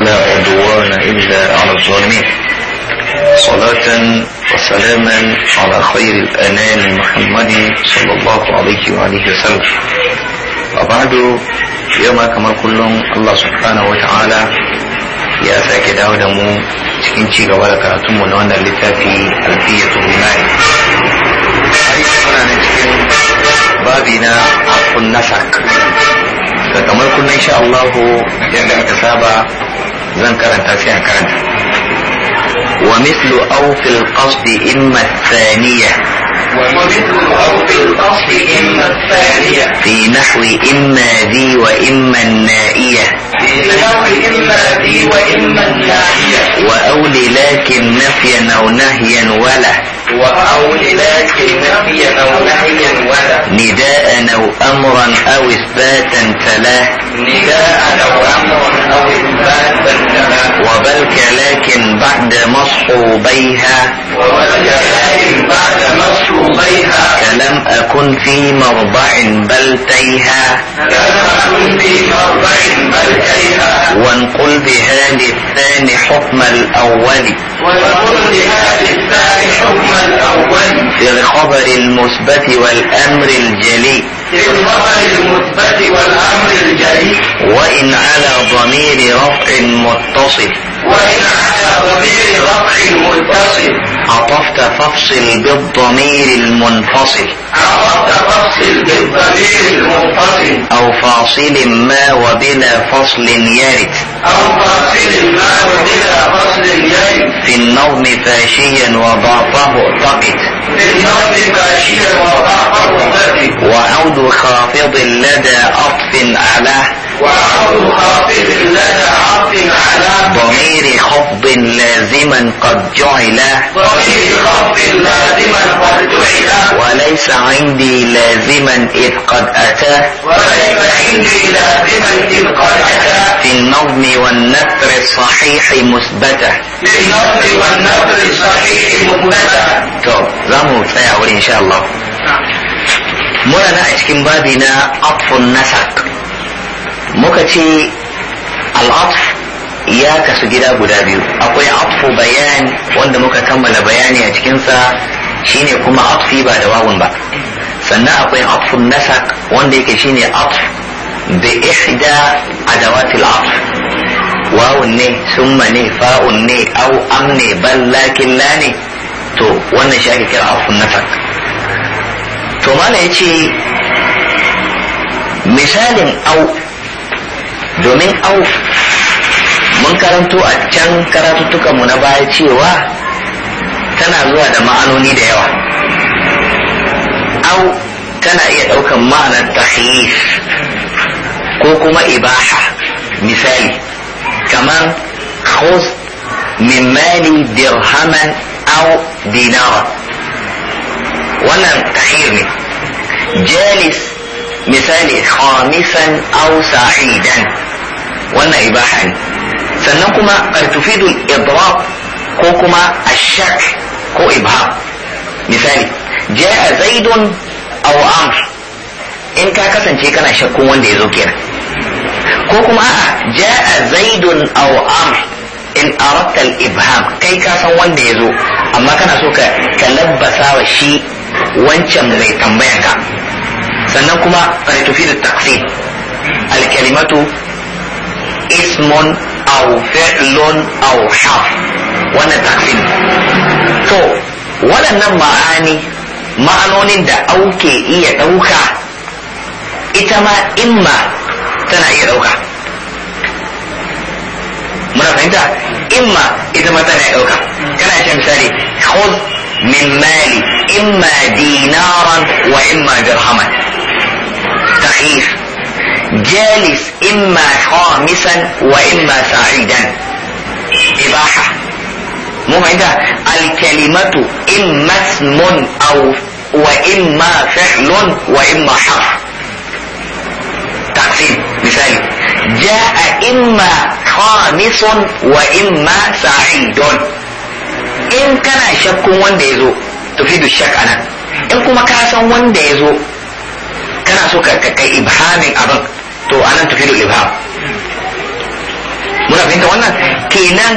لا عدوان إلا على الظالمين صلاة وسلاما على خير الأنام محمد صلى الله عليه وآله وسلم وبعد يوم كما كلهم الله سبحانه وتعالى يا ساكي داود مو تكين تيغا ولا كراتم ونوانا لتاكي ألفية الرماية بابنا عفو النسك فكما كنا إن شاء الله يجب أن zan karanta sai an karanta wa mislu awfil qasdi imma thaniya ومثل في القصد إما الثانية في نحو إما ذي وإما النائية في نحو إما ذي وإما النائية وأولي لكن نفيا أو نهيا ولا أو لذاك نفيا أو نهيا ولا نداء أو أمرا أو إثباتا فلا نداء أو أمرا أو إثباتا فلا وبل لكن بعد مصحوبيها وبل لكن بعد مصحوبيها كلم أكن في مرضع بل تيها كلم أكن في مرضع بل تيها وانقل بها للثاني حكم الأول وانقل بها للثاني حكم في الخبر المثبت والأمر الجلي في الخبر المثبت والأمر الجلي وإن على ضمير رفع متصل وإن على بضمير رفع متصل عطفت فصل بالضمير المنفصل عطفت فصل بالضمير المنفصل أو فاصل ما وبلا فصل يرد أو فاصل ما وبلا فصل يرد في النظم فاشيا وضعفه اعتقد في فاشيا وضعفه اعتقد وعود خافض لدى أطف على وعود خافض لدى أطف على ضمير خفض لازما قد جعل ضمير خفض لازما قد جعل وليس عندي لازما إذ قد أتى وليس عندي لازما إذ قد أتى في النظم والنثر الصحيح مثبتة في النظم والنثر الصحيح مثبتة طب زمو تسايا إن شاء الله muna na a cikin babi na atfun nasak muka ce ya kasu gida guda biyu akwai afu bayani wanda muka kammala bayani a cikinsa shine kuma afi ba da wawun ba sannan akwai afu nasak wanda yake shine af bi ihda adawatil af wawun ne summa ne fa'un ne au am ne lakin la ne to wannan shi ake kira afu nasak to mana ya ce misalin au domin au mun karanto a can karatuttukanmu na baya cewa tana zuwa da ma'anoni da yawa au tana iya ɗaukan ma'anar takhis ko kuma ibaha misali kamar khuz min mali dirhaman au dinara wannan takhir ne jalis misali khamisan au sa'idan wannan ibaha ne sannan kuma tufidu idrab ko kuma ashak ko ibham misali jaa zaidun aw amr in ka kasance kana shakkun wanda ya zo kenan ko kuma a'a jaa zaidun aw amr in aratta al-ibham kai ka san wanda ya zo amma kana so ka kalabbasa wa shi wancan mai ka. sannan kuma tufidu taqsim al-kalimatu اسم او فعل او حرف wannan taksim to waɗannan ma'ani ma'anonin da auke iya ɗauka ita ma imma tana iya ɗauka muna fahimta imma ita ma tana iya ɗauka kana ce misali khud min mali imma dinaran wa imma dirhaman takhif جالس إما خامسا وإما سعيدا إباحة مو عندها الكلمة إما اسم أو وإما فعل وإما حرف تقسيم مثال جاء إما خامس وإما سعيد إن كان شك وندزو تفيد الشك أنا إن كما كان وندزو kana so ka kai ibhamin abin to anan da ibham muna fahimta wannan kenan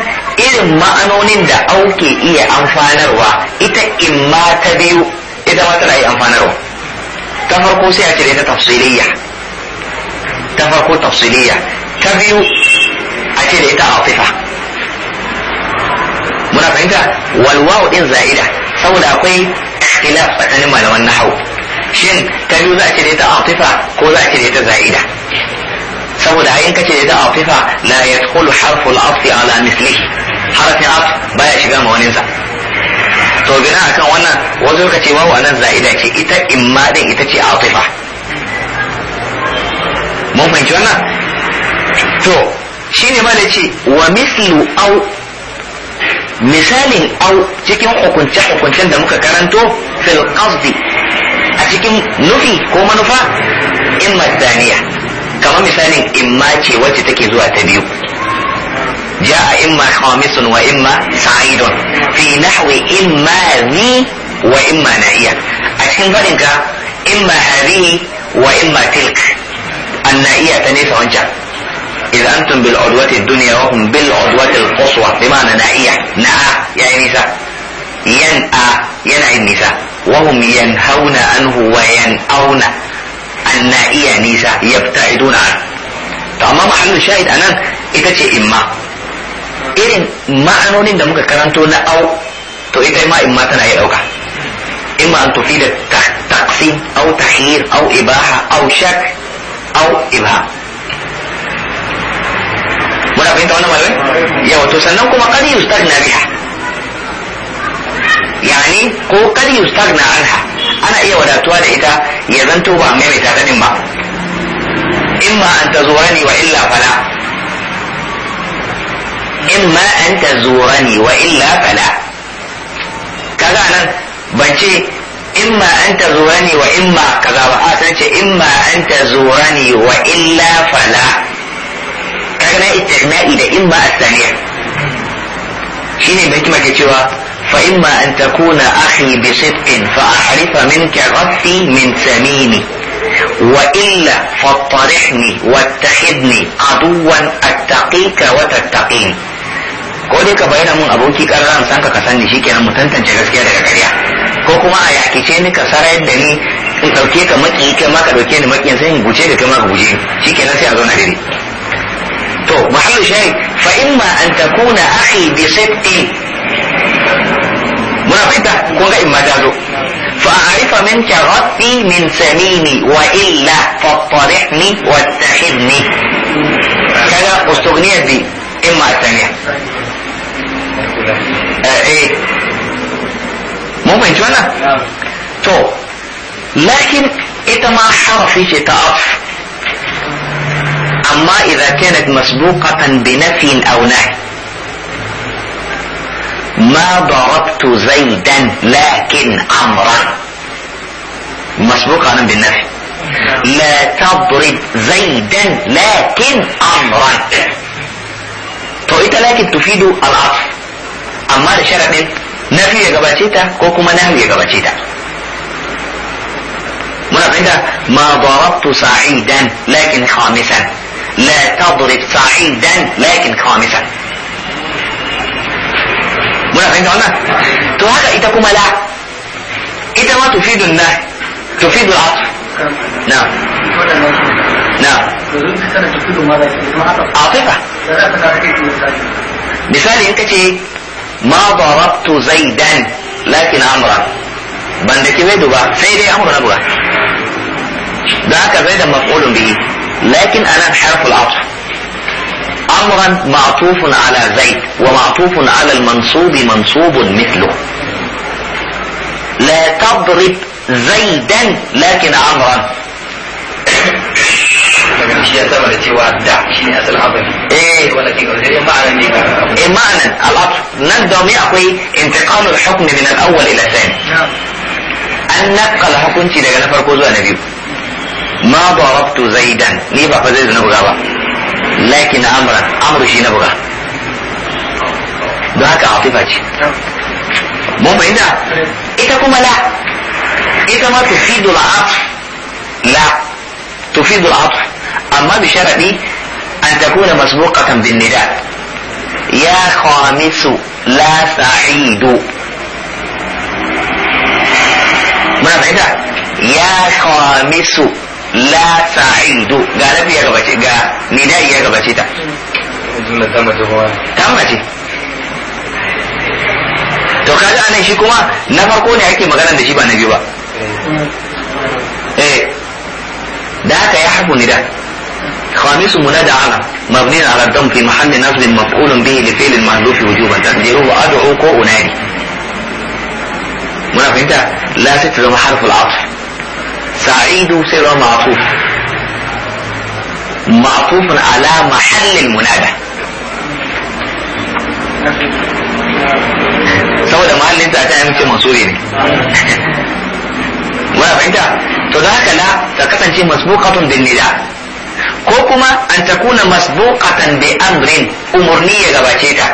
irin ma'anonin da auke iya amfanarwa ita imma ta biyu ita ma tana iya amfanarwa ta farko sai a cire ta tafsiriyya ta farko tafsiriyya ta biyu a cire ta ita atifa muna fahimta walwa'u din za'ida saboda akwai ikhtilaf tsakanin malaman nahawu. shin ta biyu za a cire ta atifa ko za a cire ta za'ida saboda in ka cire ta atifa la yadkhulu harfu al-asli ala mislihi harfin af baya shiga ma waninsa to gina akan wannan wasu suka ce wawu za'ida ce ita imma din ita ce atifa mun fahimci wannan to shine ma ce wa mislu au misalin au cikin hukunce-hukuncen da muka karanto fil qasdi cikin nufi ko manufa in saniya kamar misalin imma ce wacce take zuwa ta biyu جاء إما خامس وإما سعيد في نحو إما ذي وإما نائية أشكن فرنك إما هذه وإما تلك النائية تنيس وانجا إذا أنتم بالعدوة الدنيا وهم بالعدوة القصوى بمعنى نائية نعى يا نساء ينأى ينأى النساء wahum yanhauna anhu wa yanauna an na iya nisa yabta'iduna to amma mahallin shahid anan ita ce imma irin ma'anonin da muka karanto na au to ita ma imma tana iya dauka imma an tufi da taqsim au tahyir au ibaha au shak au ibha muna fahimta wannan malamai yawa to sannan kuma qad yustagna biha yani ko kar yustagna anha ana iya wadatuwa da ita ya zanto ba mai mai din ba imma an ta ni wa illa fala imma an ta ni wa illa fala kaga nan ban ce imma an ta ni wa imma kaza ba a san ce imma an ta ni wa illa fala kaga na istirna'i da imma a saniya shine mai kuma ke cewa فإما أن تكون أخي بصدق فأحرف منك غفي من سميمي وإلا فاطرحني واتخذني عدوا أتقيك وتتقيني ko dai ka bayyana mun aboki kararan san ka kasan shi kenan mu tantance gaskiya daga ƙarya ko kuma a yakice ni ka sarayar da ni in ɗauke ka maki kai ma ka ɗauke ni makiyan sai in guje ka kai ma ka guje shi kenan sai a zauna daidai to mahallu shayi fa imma an takuna akhi bi sidqin واحده كونغا امدادو فاعرف منك ربي من سميني والا فاطرحني واتخذني كان استغنية دي اما الثانية آه، ايه ممكن شو انا نعم. تو لكن اتما حرفي تعرف اما اذا كانت مسبوقة بنفي او نهي ما ضربت زيدا لكن امرا مسبوق عن بالنفي لا تضرب زيدا لكن امرا طريقة لكن تفيد العطف اما الشرع نفي يا جباتيتا كوكما نهي يا جباتيتا ما ضربت سعيدا لكن خامسا لا تضرب سعيدا لكن خامسا muna fahimta wannan to haka ita kuma la ita ma tufidun na tufidul a na na afifa misali in kace ma darabtu zaidan lakin amra ban da kiwe duba sai dai amra na buga da aka da maf'ulun bihi lakin ana harful asr امرا معطوف على زيد ومعطوف على المنصوب منصوب مثله لا تضرب زيدا لكن عمرا إيه. ايه معنى العطف نبدأ يأخذ انتقال الحكم من الاول الى الثاني ان نبقى hukunci daga na farko ما ضربت زيدا ليه بقى زيدا ni lakin amran amru shi na buga don haka atifa ce mun fahimta ita kuma la ita ma tufidu al'af la tufidu al'af amma bi sharadi an takuna masbuqatan bin nida ya khamisu la sa'idu muna fahimta ya khamisu la ta'idu ga rabi ya gabace ga nida ya gabace ta tambace to kaji anan shi kuma na farko ne ake magana da shi ba na biyu ba eh da haka ya habu nida خامس منادى على مبني على الضم في محل نصب مفعول به لفعل محذوف وجوبا تقديره ادعو كو انادي منافق انت لا تتزم حرف العطف sa'idu sai zama ma'tuf ma'tufun ala mahallin munada saboda mahallin ta ta mace masu ne muna fahimta to za ka na ta kasance masbuqatun bin nida ko kuma an takuna masbuqatan bi amrin umurni ya gabace ta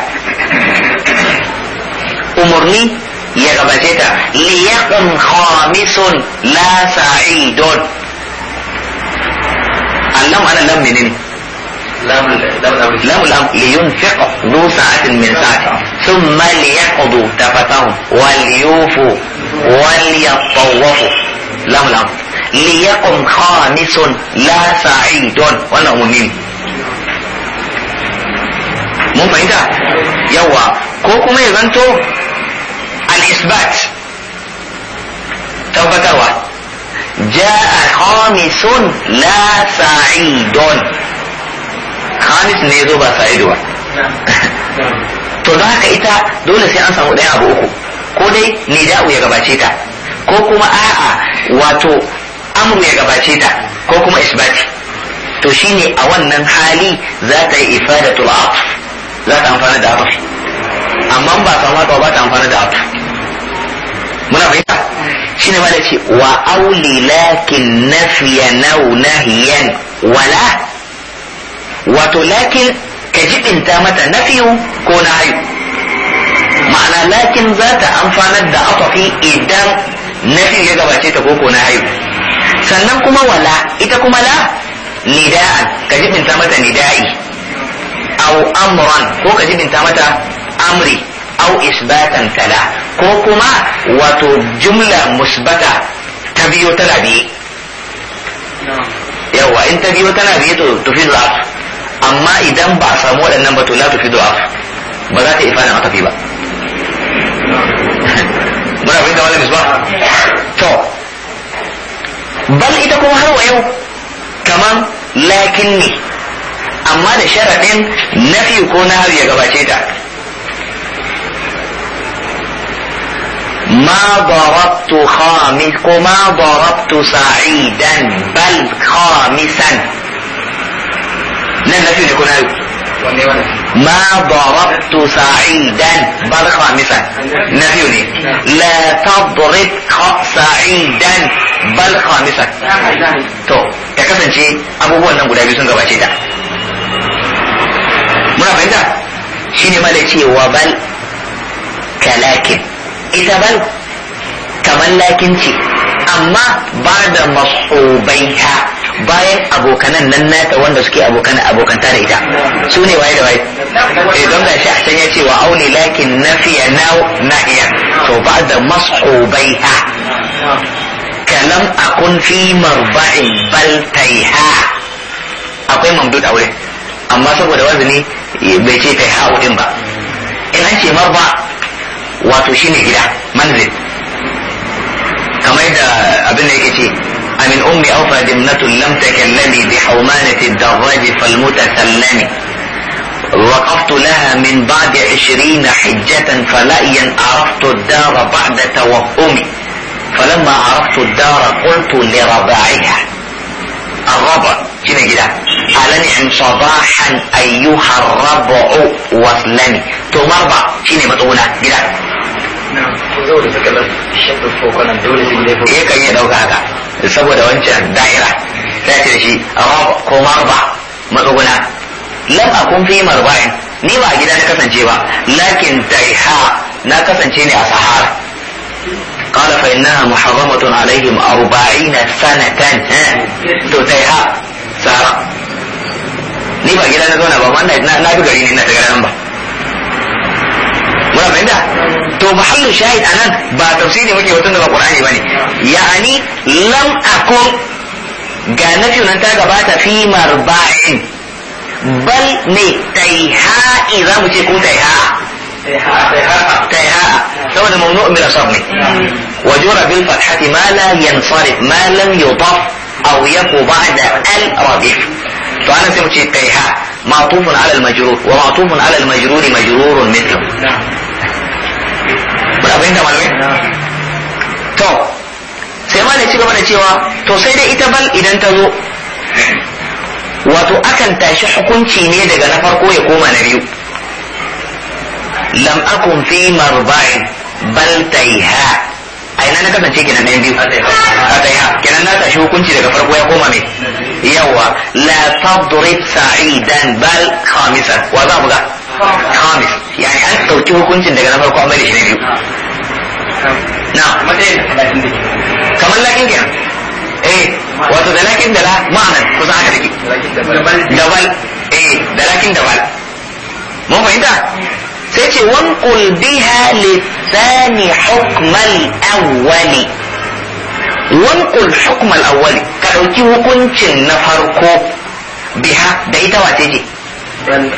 umurni لغبتها ليكن خامس لا سعيد اللام أنا اللام منين لام الأمر لام الأمر لينفق ذو ساعة من ساعته ثم ليقضوا تفتهم وليوفوا وليطوفوا لام الأمر ليقم خامس لا سعيد وانا أمنين mun fahimta yawa ko kuma ya zanto Al'isbat isbat tabbatarwa ja'a khamisun la sa'idun khamis ne zo ba sa'idu ba to za haka ita dole sai an samu ɗaya abu uku ko dai nida'u ya gabace ta ko kuma a'a wato amru ya gabace ta ko kuma isbati to shine a wannan hali za ta yi ifadatul atf za ta amfana da atf amma ba kama ba ba ta amfana da abu muna fahimta shi ne mala ce wa auli lakin nafiya nau hiyan wala wato lakin ka jibinta mata nafiyu ko na hayu ma'ana lakin za ta amfanar da afafi idan nafiyu ya gabace ta koko hayu sannan kuma wala ita kuma la nida'an ka jibinta mata nida'i au amran ko ka jibinta mata amri au isbatan kala ko kuma wato jumla musbata ta biyo tana biye yawa in ta biyo tana biye to tufi af. amma idan ba a samu waɗannan ba to na tufi af. ba za ta ifada matafi ba muna fahimta wani misba to bal ita kuma har wa yau kaman lakin ne amma da sharaɗin nafi ko na har ya gabace ta ما ضربت خامس وما ضربت سعيدا بل خامسا لن نفي يكون ما ضربت سعيدا بل خامسا نفي لا تضرب سعيدا بل خامسا تو ya kasance abubuwan nan guda biyu sun gabace ta muna fahimta shine ma da cewa bal kalakin ita bal kamar lakin ce amma ba da masobaita bayan abokanan nan nata wanda suke abokan abokanta da ita su ne waye da waye eh, don don shi a can ya ce wa auni lakin nafiya na nahiya to ba da ha kalam akun fi marba'in bal taiha akwai mamdud wurin amma saboda wazini bai ce taiha din ba in an ce marba' wato shine gida manzil kamar da abin da yake ce min ummi aw fadimnatun lam takallami bi hawmanati ad fal mutasallami وقفت لها من بعد عشرين حجة فلأيا عرفت الدار بعد توهمي فلما عرفت الدار قلت لرباعها الربع هنا كده قالني ان صباحا ايها الربع واسلمي تقوم اربع شنو بتقولها كده saboda suka bar shaɗin kokonan dole su kan yi ɗauka haka saboda wancan da'ira sai ce shi amma ko marba matsuguna lam kun fi marba'in ni ba a gida na kasance ba lakin daiha na kasance ne a sahara قال فإنها محرمة عليهم أربعين سنة تتيها sahara ni ba gida na zauna ba wannan na bi ga gari ne na daga nan ba muna fahimta to mahallu shahid anan ba tafsiri muke wata daga qur'ani bane yani lam akun ga nafi nan ta gabata fi marba'in bal ne taiha'i eh, za mu ce ko taiha'a تيها سواء ممنوع من الصبر وجر بالفتحة ما لا ينصرف ما لم يضاف أو يقو بعد الرديف فأنا سمعت تيها معطوف على المجرور ومعطوف على المجرور مجرور مثله kuna fahimta malamai to sai ma ne ci gaba da cewa to sai dai ita bal idan ta zo wato akan tashi hukunci ne daga na farko ya koma na biyu lam akun fi marbain bal taiha a ina na kasance kenan ɗayan biyu a taiha kenan na tashi hukunci daga farko ya koma mai yawa la tadrib sa'idan bal khamisan wa za buga khamis yani an ɗauki hukuncin daga na farko na biyu na lakin kenan kusan dabal dabal mun fahimta sai ce wankul biha lisani hukmal awwali hukmal awwali ka ɗauki hukuncin na farko biha da ita wace ce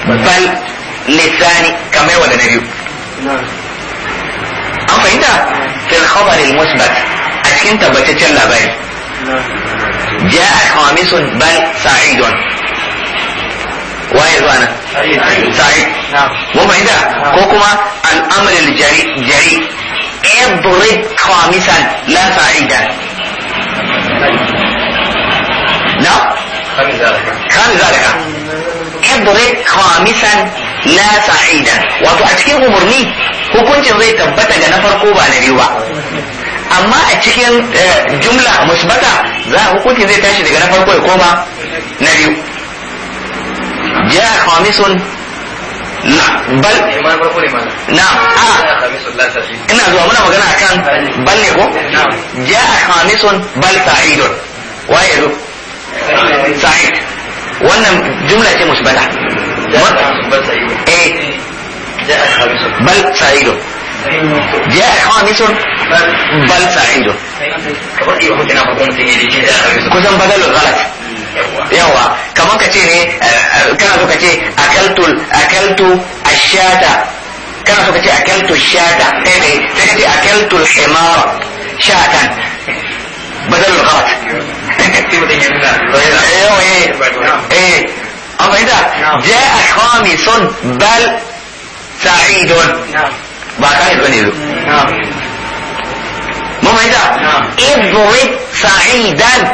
bal للثاني كم ولا نبيو an fahimta fil khabaril musbat a cikin tabbataccen labari ja'a khamisun bal sa'idun waye zuwa nan sa'id mun fahimta ko kuma al'amalil jari jari idrib khamisan la sa'idan na kan zalika idrib khamisan la sa'idan wato a cikin umarni hukuncin zai tabbata ga na farko ba na biyu ba amma a cikin eh, jumla musbata za hukuncin zai tashi daga na farko ya koma na biyu ja khamisun na bal na a ina zuwa muna magana akan bal ne ko ja khamisun bal sa'idun waye zo sa'id wannan jumla ce musbata ايه بل سعيد جاء خامس بل سعيد kusan badalin galat yawa kamar ka ce ne kana so ka ce akaltu akaltu ashata kana so ka ce akaltu shata eh ne sai ka ce akaltu himar shatan badalin galat eh eh اما اذا نعم. جاء خامس بل سعيد نعم بقى يبقى نيلو ماما ايه ده اضرب سعيدا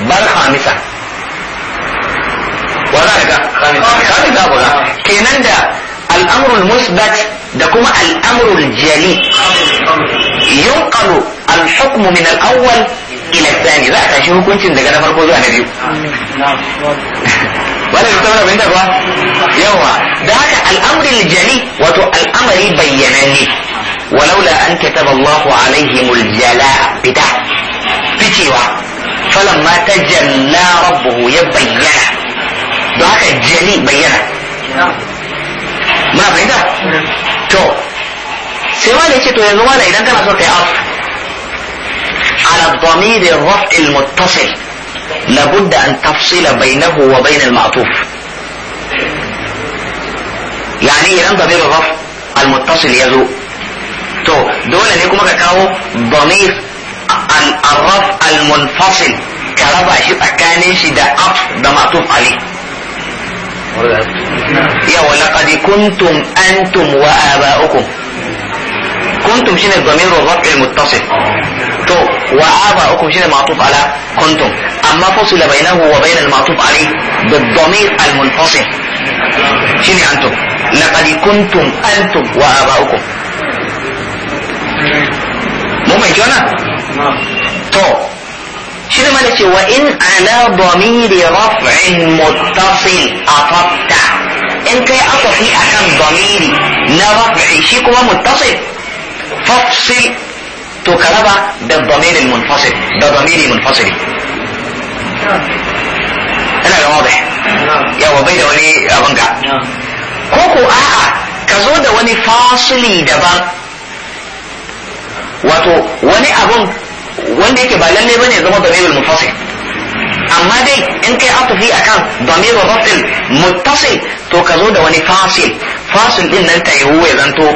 بل خامسا ولا ده خامسا ولا نعم. كينان الامر المثبت دكما الامر الجلي ينقل الحكم من الاول الى الثاني لا تشوفوا كنت ده كده فرقوا نعم wala yusamma bin ba yawa da haka al'amri jali wato al'amari bayyananne walaula an kataba Allah alaihimul jala fita ficewa falamma tajalla rabbuhu ya bayyana da haka jali bayyana ma bayyana to sai wanda ya ce to yanzu wanda idan kana so kai a ala dhamir rafi al muttasil لابد ان تفصل بينه وبين المعطوف يعني ايه لم ضمير الرفع المتصل يزو تو دول اللي يكون كاو ضمير الرفع المنفصل كرفع شيء اكاني شيء ده اف ده معطوف عليه يا ولقد كنتم انتم واباؤكم كنتم شنو الضمير الرفع المتصل تو وآباؤكم شنو المعطوف على كنتم أما فصل بينه وبين المعطوف عليه بالضمير المنفصل شنو أنتم لقد كنتم أنتم وآباؤكم مؤمن جونا تو شنو مالك وإن على ضمير رفع متصل أطفت إن كي أطفي أحد ضميري نرفع شكوى متصل فصل تكربة بالضمير المنفصل بضميري منفصل انا نعم. يا واضح يا وبي ده يا ابنك نعم. كوكو اه, آه. كزو ده وني فاصلي دبا واتو وني ابن وني كبالان لي بني زمان ضمير المنفصل amma dai in kai atufi a kan damiru rafin mutasai to ka zo da wani fasil fasil din nan ta yi huwa zanto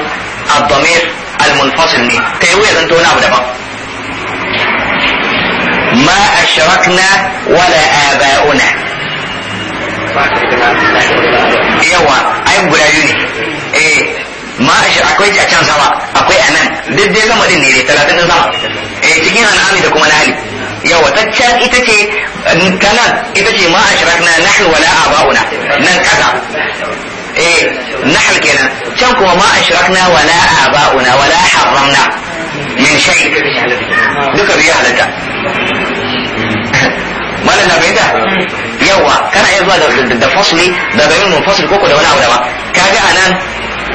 a damiru almunfasil ne ta yi wuya zanto wani abu daban ma ashrakna wala aba'una yawa ayin guda biyu ne eh ma akwai a can sama akwai a nan duk dai zama din ne dai talatin din sama eh cikin an'ami da kuma nahli yawa ta can ita ce ta nan ita ce ma ashrakna nahnu wala aba'una nan kasa eh nahl kenan can kuma ma ashrakna wala aba'una wala harramna min shay duka biya halatta malam na bayyana yawa kana iya zuwa da fasli da bayin mun fasli koko da wani abu daban kaga anan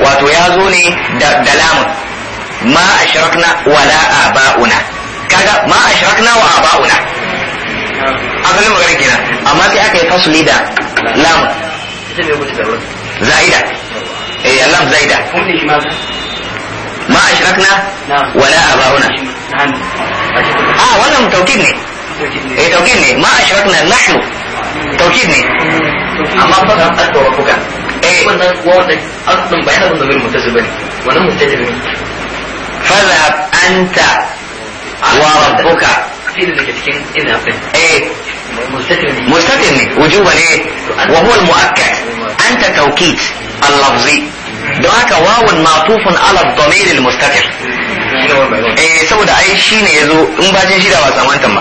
wato ya zo ne da lamun ma ashrakna wala aba'una kaga ma ashrakna wa aba'una asalin magana kenan amma sai aka yi fasli da lamun زايده اي اللام زايده ما اشركنا نعم. ولا اباؤنا نعم. اه ولا توكيدني اي توكيدني ما اشركنا نحن توكيدني اما فقط انت وربك اي وانا وردك اصلا بعيدا من ضمير متزبن فذهب انت وربك في اللي كان هنا ايه مستتمني مستتمني وجوبا ايه وهو المؤكد أنت tawkid اللفظي lafzi don haka wawun matufun ala dhamir al-mustatir eh saboda ai shine yazo in bacin shida ba samantan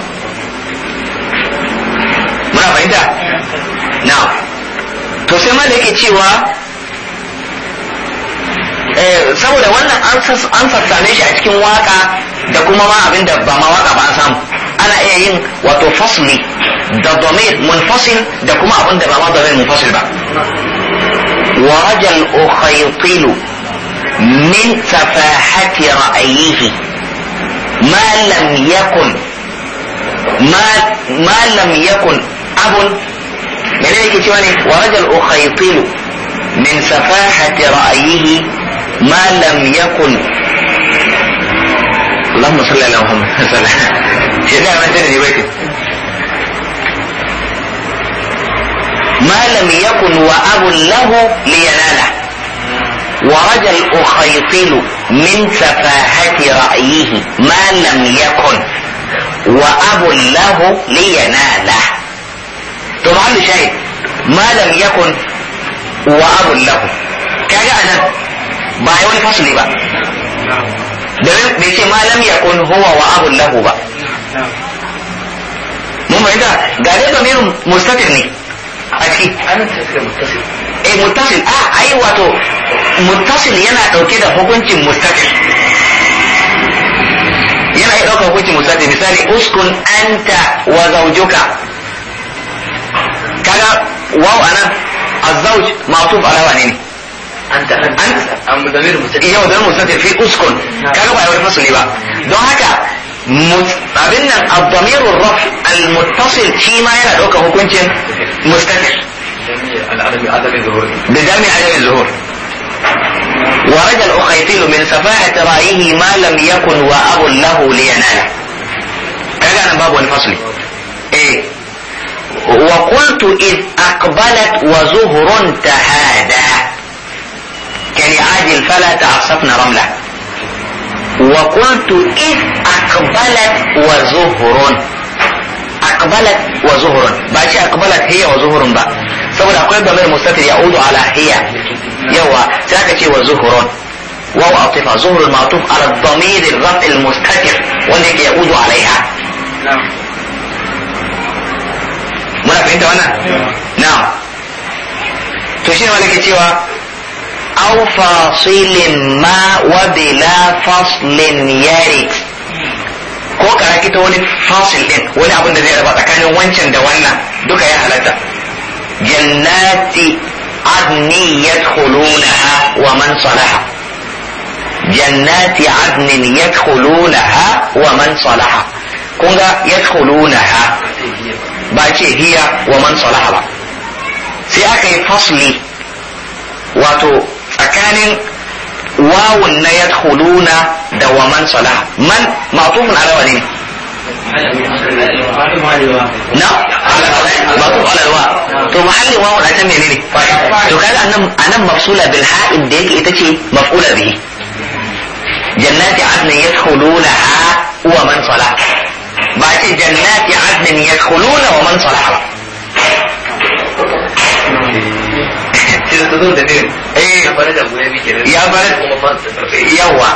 ما muna fahimta na to sai ma cewa saboda wannan an sassane shi a cikin waka da kuma ma abinda ba ma waka ba an samu انا ايه يم وتفصلي ده ضمير منفصل ده كما ابن ده بقى ضمير منفصل بقى ورجل اخيطل من سفاحة رأيه ما لم يكن ما ما لم يكن اب يعني ايه كتير يعني؟ ورجل اخيطل من سفاحة رأيه ما لم يكن اللهم صل على محمد صلى لا ما تنهي ما لم يكن وأب له ليناله ورجا الأخيصل من سفاهة رأيه ما لم يكن وأب له ليناله طبعا شيء ما لم يكن وأب له كاجا أنا باي وني فصلي بقى domin bai ce ma lam yakun huwa wa abun lahu ba mun da ga dai domin mustaqil ne a ciki eh mutasil a ah, ai wato muttasil yana dauke da hukuncin mustaqil. yana iya dauka hukuncin mustaqil misali uskun anta wa zawjuka kaga waw anan azzauj ma'tuf ala wane ne أنت أنت أم مدمير إيه، مستتر في أسكن نعم. كانوا بقى يقول لي بقى ده هكا abin nan abdamir raf al-muttasil shi ma yana ɗaukar hukuncin mustatir عدم الظهور ورد الأخيفين من سفاهة رأيه ما لم يكن وأب له لينال كذا أنا باب الفصل إيه وقلت إذ أقبلت وزهر تهادى كلعاد يعني فلا تعصفن رملة وقلت إذ أقبلت وزهر أقبلت وزهر باشي أقبلت هي وزهر با سبب أقول بمير مستطر يعود على هي يوى تاكتي وزهر وهو أطفى زهر المعطوف على الضمير الرب المستتر والذي يعود عليها نعم ملا أنت وانا نعم. نعم تشير وانا كتير أو فاصل ما وبلا فصل يرد ko kara ta wani fasil din wani abin da zai raba tsakanin wancan da wannan duka ya halatta jannati adni yadkhulunaha wa man salaha jannati adnin yadkhulunaha wa man salaha kun ga yadkhulunaha ba ce hiya wa man salaha ba sai aka yi fasli wato tsakanin wawun na yadkhuluna da wa man man ma'tufun ala wani na ma'tuf to muhallin wawun a can menene to kaga anan anan mafsula bil ha'id da yake ita ce maf'ula bihi jannati adnin yadkhulunaha wa man salaha ba ce jannati adnin yadkhuluna wa man salaha ba da ta zo da mim eh ya bar da guda bi kenan ya bar yawa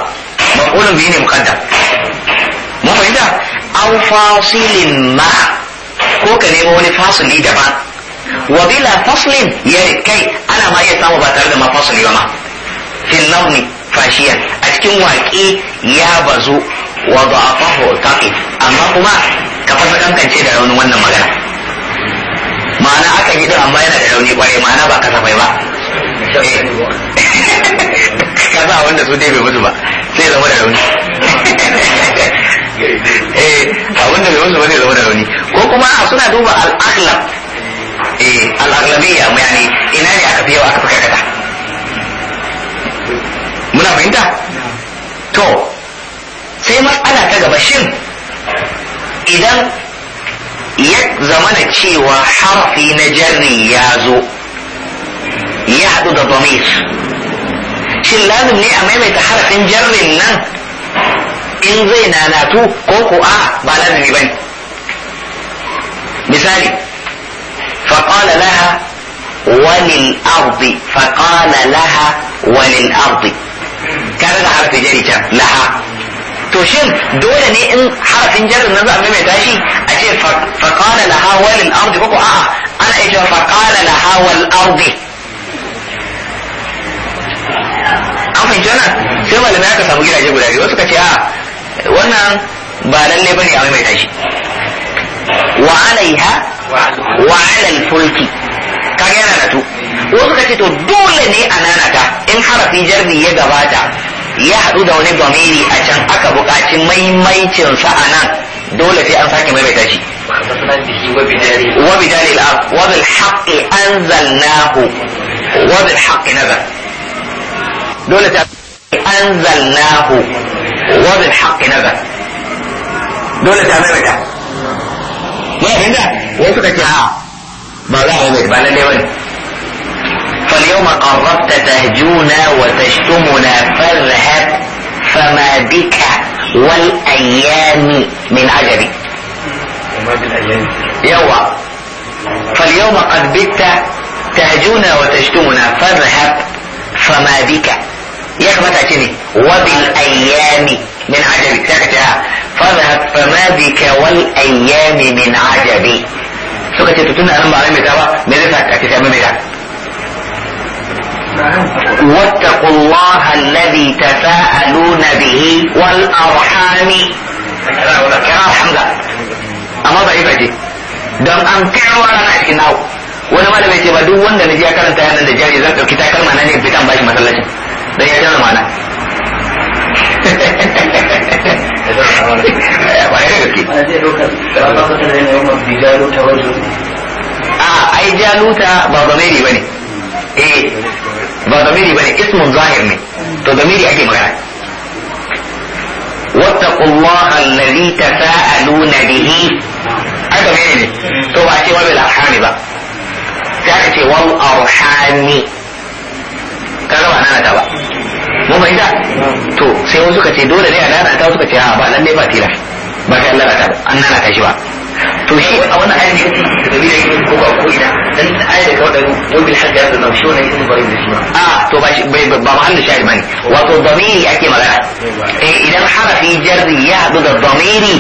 maqulun bihi ne muqaddam mu fahimta aw fasilin ma ko ka nemo wani fasili daban wa bila faslin ya kai ana ma iya samu ba tare da ma fasili ba ma fil launi fashiyan a cikin waƙe ya bazu wa da'afahu taqi amma kuma ka fasa kankance da raunin wannan magana ma'ana aka yi amma yana da rauni kwarai ma'ana ba kasafai ba kasa wanda su dai bai mutu ba sai zama da rauni eh abin da bai mutu ba zai zama da rauni ko kuma suna duba al'aklab eh al'aklabiyya yani ina ne aka fi yau aka fi karkata muna fahimta to sai matsala ta gaba shin idan ya zamana cewa harfi na jarri ya zo ya haɗu da domir shin lazim ne a maimaita harfin jarrin nan in zai nanatu ko ko a ba lazimi ba ne misali faƙala laha walil ardi faƙala laha walil ardi kare da harfi can laha to shin dole ne in harafin jarrin nan za a mai tashi a ce faqala laha walil ardi ko a'a ana iya cewa faqala laha wal ardi an fahimci wannan sai malamai aka samu gidaje guda biyu suka ce a wannan ba lalle bane a maimaita shi wa alaiha wa alal fulki kaga yana da tu wasu ka ce to dole ne a nanata in harafin jarri ya gabata ya haɗu da wani domiri a can aka buƙaci maimaicin sa a nan dole sai an sake maimaita shi wa bidari al'ab wa bil haqqi anzalnahu wa bil haqqi nazar dole sai anzalnahu wa bil haqqi nazar dole sai maimaita ne inda wai suka ce a ba za a yi ba lalle bane فاليوم قربت تهجونا وتشتمنا فاذهب فما بك والأيام من أجلي يوا فاليوم قد بت تهجونا وتشتمنا فاذهب فما بك يا أخي ما تعتني وبالأيام من عجبي سكتها فاذهب فما بك والأيام من عجبي suka تتنى انا ما an ba mai ta واتقوا الله الذي تساءلون به والأرحام كرا الحمد أما ضعيفة دي دم أن كعوا لنا إنه wani malami ce ba duk wanda na ji ya karanta yanar da jari zan ɗauki takalma na ne fitan bashi masallacin don ya jana mana a ai jaluta ba ba mai ne ba ne ba zamiri bane ismun zahir ne to zamiri ake magana واتقوا الله الذي تساءلون به aka mene ne to ba ce wabil arhami ba sai aka ce wal arhami kaga ba nana ta ba Mun bai da to sai wasu suka ce dole ne a nana ta suka ce a ba lalle ba tira ba sai Allah ta ba an nana ta shi ba to shi a wannan ayin da yake da bai yake ko ba ko ina dan ayin da kawai yau bil hajja da nan shi wannan ismu bari da shi a to ba shi bai ba mahallin shahid bane wato damiri ake magana eh idan harafi jarri ya hadu da damiri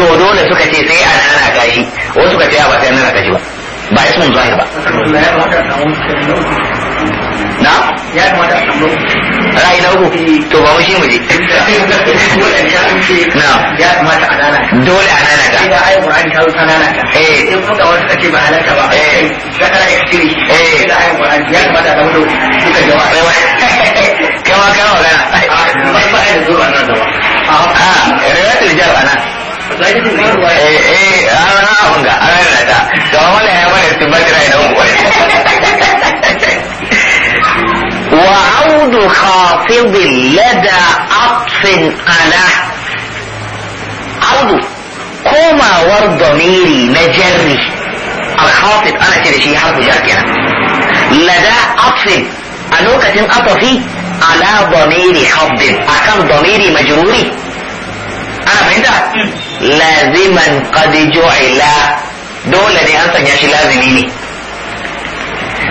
to dole suka ce sai an ana gashi wasu suka ce ba sai an ana gashi ba ba ismun zahir ba na ya kamata a ra'ayi na uku to ba mu mu na ya kamata a nana dole a nana ta. idan eh. eh. eh. ayi qur'ani ta ta nana ka eh in kun wasu ba halaka ba eh kana eh idan ayi qur'ani ya kamata a dawo duka jama'a kama kama kana a ah, ba da zuwa nan da ba a وعود خافض لدى عطف على عود كما ورد ميري مجري الخافض انا كده شي حرف جار كده لدى عطف انوكة اطفي على ضميري خفض اكم ضميري مجروري انا فهمت laziman qad ju'ila dole ne an sanya shi lazimi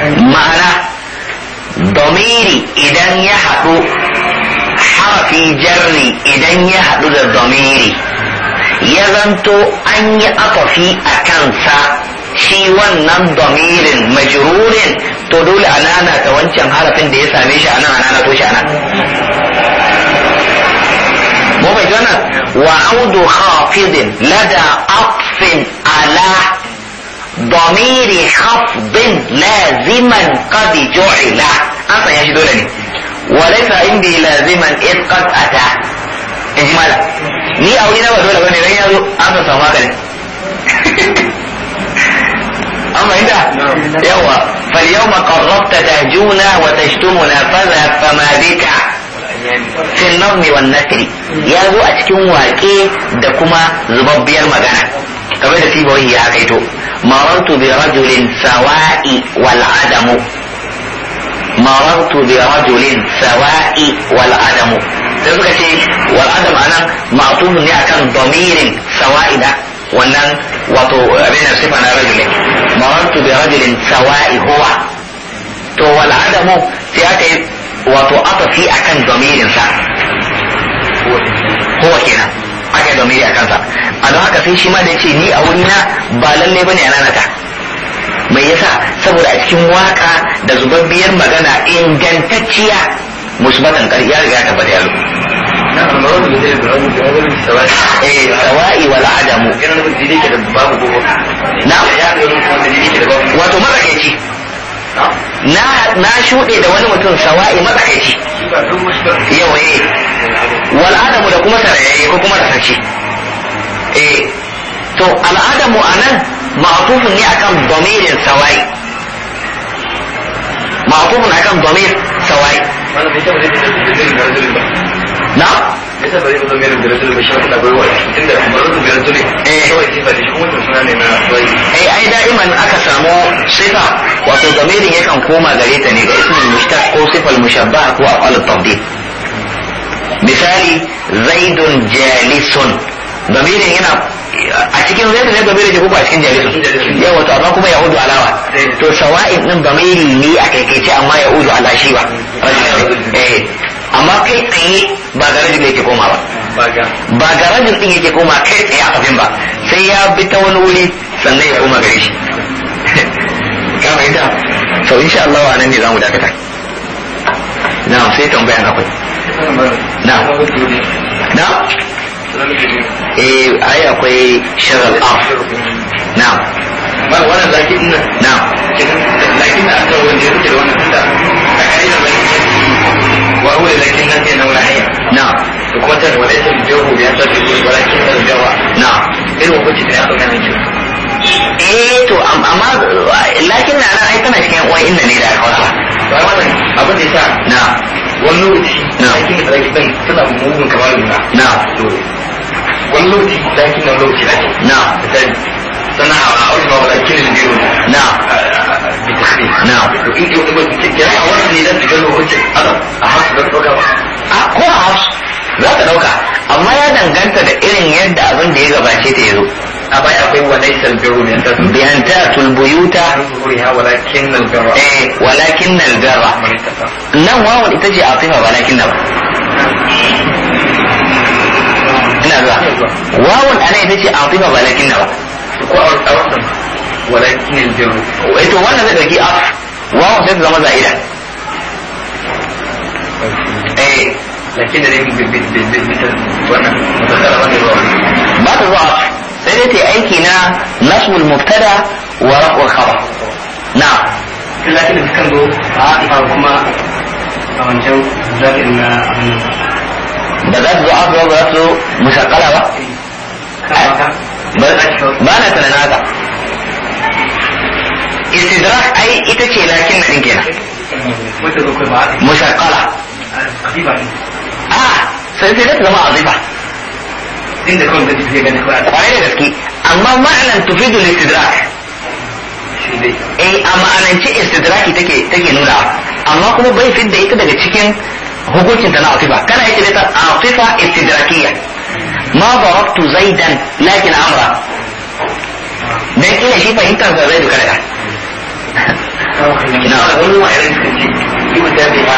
ne ma'ana domiri idan ya haɗu harafi jarri idan ya haɗu da domiri ya zanto an yi afafi a kansa shi wannan domirin majrurin to dole a ta wancan harafin da ya same shi a nan a shi a nan وعود خافض لدى عطف على ضمير خفض لازما قد جعل اصلا يا شدولني وليس عندي لازما اذ قد اتى اجمالا ني او اذا ما دولا بني رينا دو اصلا سوا كده اما انت نعم. يوا فاليوم قربت تهجونا وتشتمنا فذهب فما بك fil nazmi wan nasri ya zo a cikin waƙe da kuma zubabbiyar magana kamar da sibawi ya kaito marartu bi rajulin sawa'i wal adamu marartu bi rajulin sawa'i wal adamu sai suka ce wal adam anan ma'tufun ne akan damirin da wannan wato abin da sifa na rajulin marartu bi rajulin sawa'i huwa to wal adamu sai aka yi wato afafi akan domirinsa kowa kenan aka yi domiri a kansa a don haka sai shi ma da ce ni a wurina ba lalle bane a nanata mai yasa saboda a cikin waka da zubabbiyar magana ingantacciya musbatan kar ya riga tabbata ya zo eh, sawa'i wal adamu na'am wato matsakaici na shuɗe da wani mutum sawa'i matsakaici yau eh wal'adamu da kuma tarayayye ko kuma rasashi eh to al'adamu a nan ma'afufin ne akan domirin sawa'i Ma'afufin akan domirin sawa'i na yasa ba zai ai da'iman aka samu sifa wato zamirin yakan koma gare ta ne ga ismul mushtaq ko sifal mushabba ko afal misali zaidun jalisun zamirin yana a cikin zai ne zamirin ne kuma a cikin jalisun ya wato amma kuma yahudu alawa eh. to sawa'in din gamiri ne a ce amma yahudu ala shi ba eh. Eh. amma kai tsaye ba garajin da yake koma ba ba garajin din yake koma kai tsaye a abin ba sai ya bi ta wani wuri sannan ya koma gare shi ka fahimta so insha Allah wa nan ne zamu dakata na sai tambayan akwai na na eh ai akwai sharal a na ba wannan zaki din na lakin da aka wani yake da wannan tunda a kai da zaki wa huwa lakin nan ne na wani نعم الكونتر وليس الجو بيحصل في ولكن الجو نعم ايه هو كنت بيحصل كان eh to amma lakin na ai tana cikin uwa inda ne da hausa ba wannan abin da yasa na wani lokaci na cikin da zaki dan tana mugun kamar nuna na to wani lokaci zaki na lokaci na sana a wani ba wala kirin biyu na na to ke wani ba kirin ne da daga lokacin a haka da tsoka a ko a wasu za ta ɗauka amma ya danganta da irin yadda abin da ya gabace ta yazo a baya akwai walai salbiru ne ta biyan ta tulbuyuta walakin nalgara eh walakin nalgara nan wawan ita ce a fifa walakin nan ina zuwa wawan ana ita ce a fifa walakin nan ko a walakin nalgara ito eh, wannan zai ɗauki a wawan sai zama za'ida eh lakin da ba zuwa sai dai ta aiki na nasbul mubtada wa na da kan zo a kuma a wancan zaɓin na da za su zo ba su musakala ba ba na tunanin haka istidrak ai ita ce lakin na kenan musakala a sai sai zai zama azifa inda kawai zai fiye gani kawai da gaske amma ma'anan tufidu listidrak eh a ma'anance istidraki take take nuna amma kuma bai fit da ita daga cikin hukuncin ta na afifa kana yake da afifa istidrakiya ma darabtu zaidan lakin amra dan Ina shi fahimtar da zaidu kada kina wani wani irin kace ki mutabi ma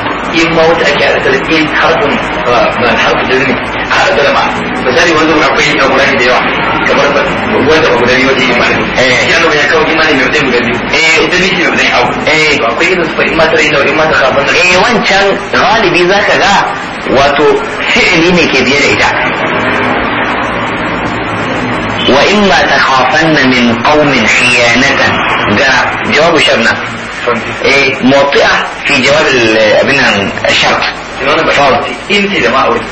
موت أشياء 30 حرف من الحرف الجزمي عارف ولا معرف misali wanda mun akwai abu da yawa kamar wanda abu da yawa ne imani eh shi Allah ya kawo imani mai mutum gabi eh ita ne shi mutum au eh akwai irin su in ma tare da in ma ta kafin eh wancan galibi zaka ga wato fi'ili ne ke biye da ita wa in ma takhafanna min qaumin khiyanatan ga jawabu sharna إيه، موطئة في جواب ابن الشرق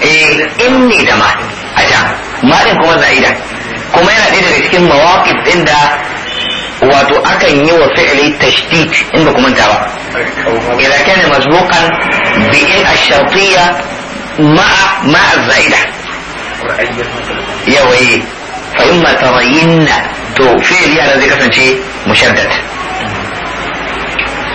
إيه، إني دماء أجام ما لن كما زعيدا كما يرى كم مواقف عند واتو أكا ينيو فعلي تشتيت عند كما انتبع إذا كان مسبوقا بإن الشرطية مع ما الزعيدة يا وي فإما ترين تو فعلي على ذلك شيء مشدد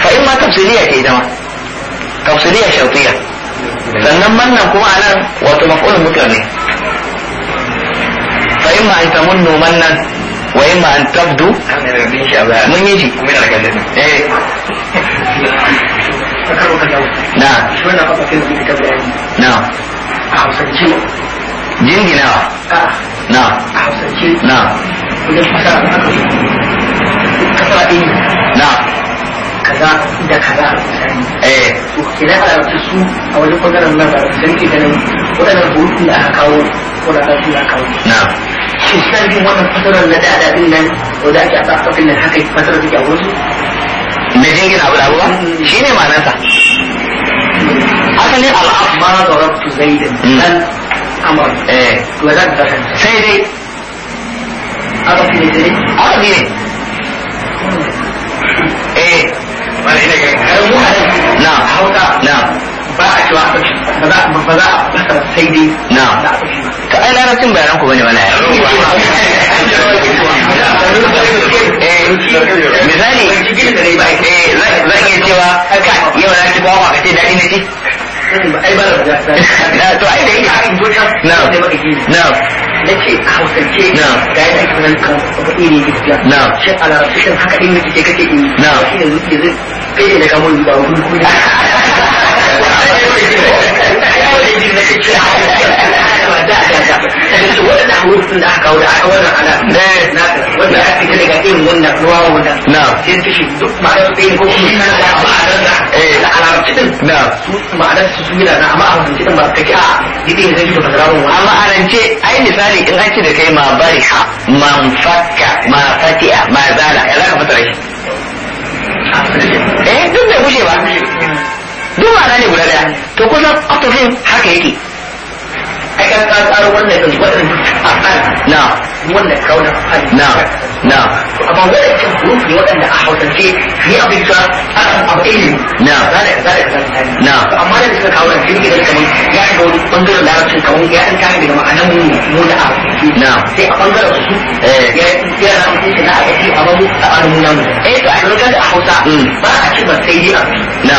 fa in ma tafsiriya ke zama tafsiriya shafiya sannan mannan kuma a nan wato maf'ulun mutlaq ne fa in ma an tamunnu mannan wa in ma an tabdu mun yi ji eh. na na a hausance jinginawa na a hausance na wajen fasa. a ɗin kaza da kaza eh. a to idan a su a wajen ɓangaren nan da sun ke ganin waɗannan hurufin da aka kawo waɗannan su aka kawo na shi san bin wannan fasarar na da ɗin nan wanda ake a tsakafin nan haka fasarar take a wasu da jingina abu da abuwa mm. shi ne ma'anarsa asalin al'af ma zarabtu zaidan mm. dan amr eh to da sai dai aka fi ne dai aka fi ne na na ba a cewa ba za ba za a sai dai na ka bayanan ku bane wala eh, misali eh, cewa yau na ci bawa ka ce daɗi na ci to ai da yake na na nace a hausance na ga yadda tunan kan kuɗi ne gaskiya na shi a larabcishin haka in nake kake in na shi yanzu ke zai kai da kamar ba wani kuma da a shasha da su hurufin da aka kawo da aka wannan ana eh. na wanda ya fita daga irin wannan ruwa wanda na sai su shi ma'anar ɗayan ko kuma suna da ma'anar eh. da da alarabci na su ma'anar su suna na amma a wancan ba kake a ah, gidin zai shiga fasararun wa amma a ai misali in da kai ma bariha ma fakka ma fati'a ma zala ya za ka shi eh duk bai gushe ba duk ma'ana ne guda daya to kusan atufin haka yake ka tsaro wannan kai wannan afal na wannan kauna afal na na amma wannan kan rufi wadanda a hausance ni abin sa akan abu ilimi na zane zane na amma da suka kawo nan da kamar ya shiga wani bangaren larabcin kamar ya an kare daga ma'anar mu mu na a na sai a bangaren su eh. ya ya na mutunci na abu a babu a alamun namu eh to a shirgar a hausa mm. ba a ci ba sai yi na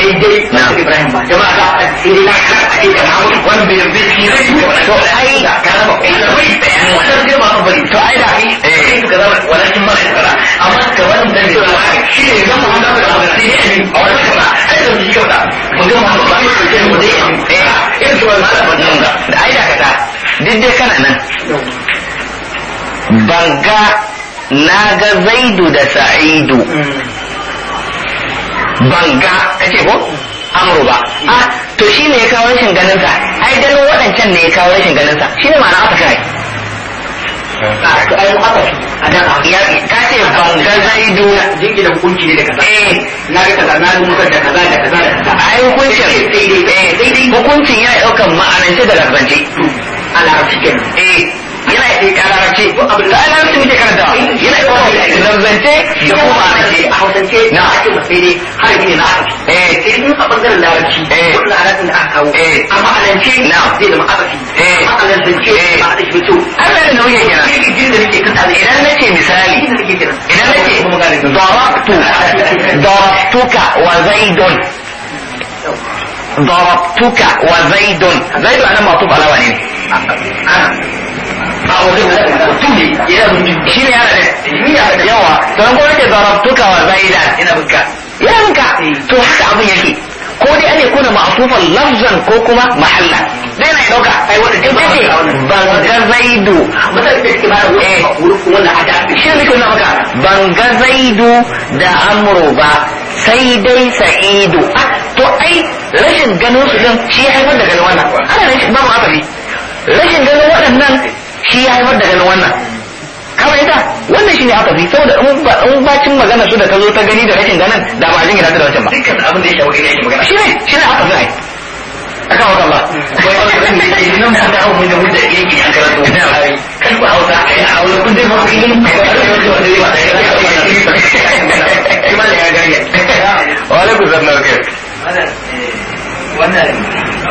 daidai na Ibrahim ba jama'a to ai da da wannan bari to ai da sai ka zama walakin ma ka amma ka ba shi ne ba da shi ne a ai da shi mun ga ba shi ke mu dai an da da ai da ka ta kana nan ban ga na ga zaidu da sa'idu hmm. banga kace ko amru ba a to shi ne ya kawo rashin ganin sa ai ganin waɗancan ne ya kawo rashin ganin sa shi ne ma'ana aka kai ka ce banga zai duna jingi da hukunci ne daga kaza eh. na ga kaza na ga musar da kaza da kaza da kaza ai hukuncin eh, eh, hukuncin ya ɗaukan ma'anance da larbance a larabci kenan yana yi kalarci abin da ana su ne karanta yana yi kawai zanzance da kuma a hausance na ake masai har yi na aka eh cikin a bangaren larabci eh wannan alaƙin da aka kawo eh amma alance na zai zama akafi eh amma alance eh a da shi to an da nauyin yana jirgin da nake kasa ne idan nake misali idan nake darabtu darabtuka wa zaidun ضربتك وزيد زيد انا معطوف على وليه shi ne yana da yawa sannan kuma yake zaraftuka wa zaida ina binka ina binka to haka abin yake ko dai an yakuna ma'tufan lafzan ko kuma mahalla dai na dauka ai wanda duk yake banga zaidu shi ne kuma maka banga zaidu da amru ba sai dai sa'idu to ai rashin ganin su din shi haifar da ganin wannan ana rashin ba mu rashin ganin waɗannan shi ya haifar da ganin wannan kawai ita wannan shi ne aka fi saboda in bacin magana su da ta zo ta gani da rashin ganin da ba jin da rashin ba dukkan abin da ya shawo magana shi ne aka fi wata ba wai wata ke nan da da mun da karatu na ku hausa a wani kun dai kun ba da ya ya wa eh, wannan na eh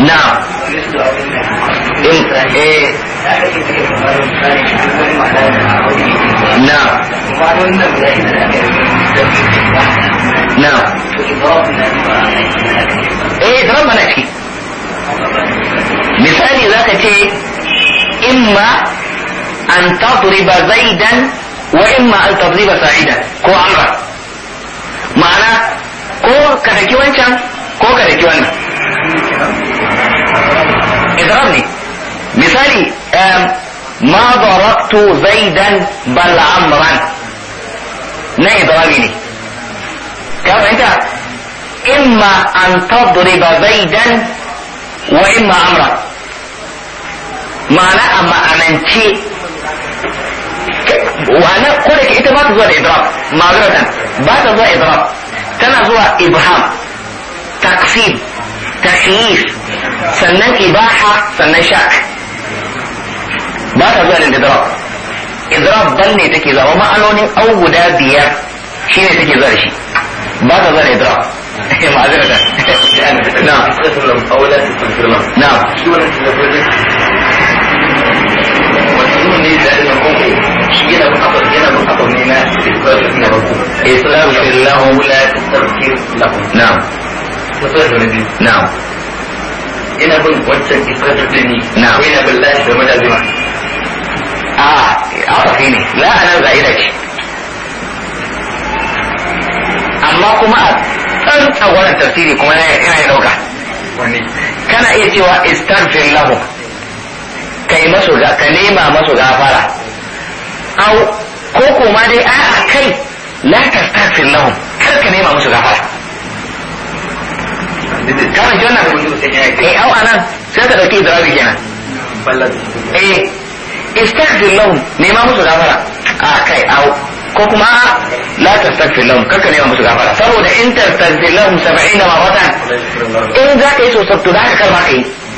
na na eh zama mana ciki misali za ka ce imma an tadriba zaidan wa imma an sa'idan ko amra ma'ana ko ka daki wancan ko ka daki wannan izrab ne misali ma daraktu zaidan bal amran na idrabi ne ka fahimta imma an tadriba zaidan wa imma amra ma'ana a ma'anance wa nan ko da ita ba ta zuwa da idrab ma'azratan ba ta zuwa idrab tana zuwa ibham takfib takyif sannan ibaha sannan shak ba ta zuwa lindidrab idrab bal ne take zuwa ma'anonin au guda biyar shi ne take zuwa shi ba ta zuwa idrab ma'azirata na na shi استغفر لهم لا تستغفر لهم نعم نعم ina bin wancan iskar da ni na ina bin lashi da madazima a a arafi ne la ana za'ida ce amma kuma a tsantsa wannan tafsiri kuma na yana dauka kana iya cewa istaghfir lahu kai masu ga ka nema masu gafara au ko ko ma dai a kai la tastaghfir lahum kar ka nema musu gafara kana janna eh au anan sai ka dauki idrabi kenan eh istaghfir lahum nema musu gafara a kai au ko kuma la tastaghfir lahum kar ka nema musu gafara saboda in tastaghfir lahum 70 maratan in za ka yi so sabtu da ka kar ma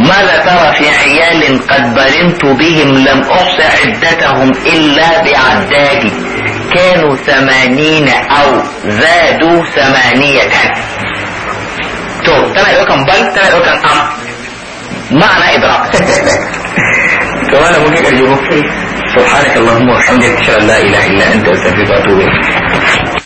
ماذا ترى في عيال قد برمت بهم لم احصى عدتهم الا بعدادي كانوا ثمانين او زادوا ثمانية تو ترى يوكم بل تنا يوكم ام معنى ادراك تو انا مجيك اليوم سبحانك اللهم وحمدك ان شاء الله لا اله الا انت استغفرك واتوب اليك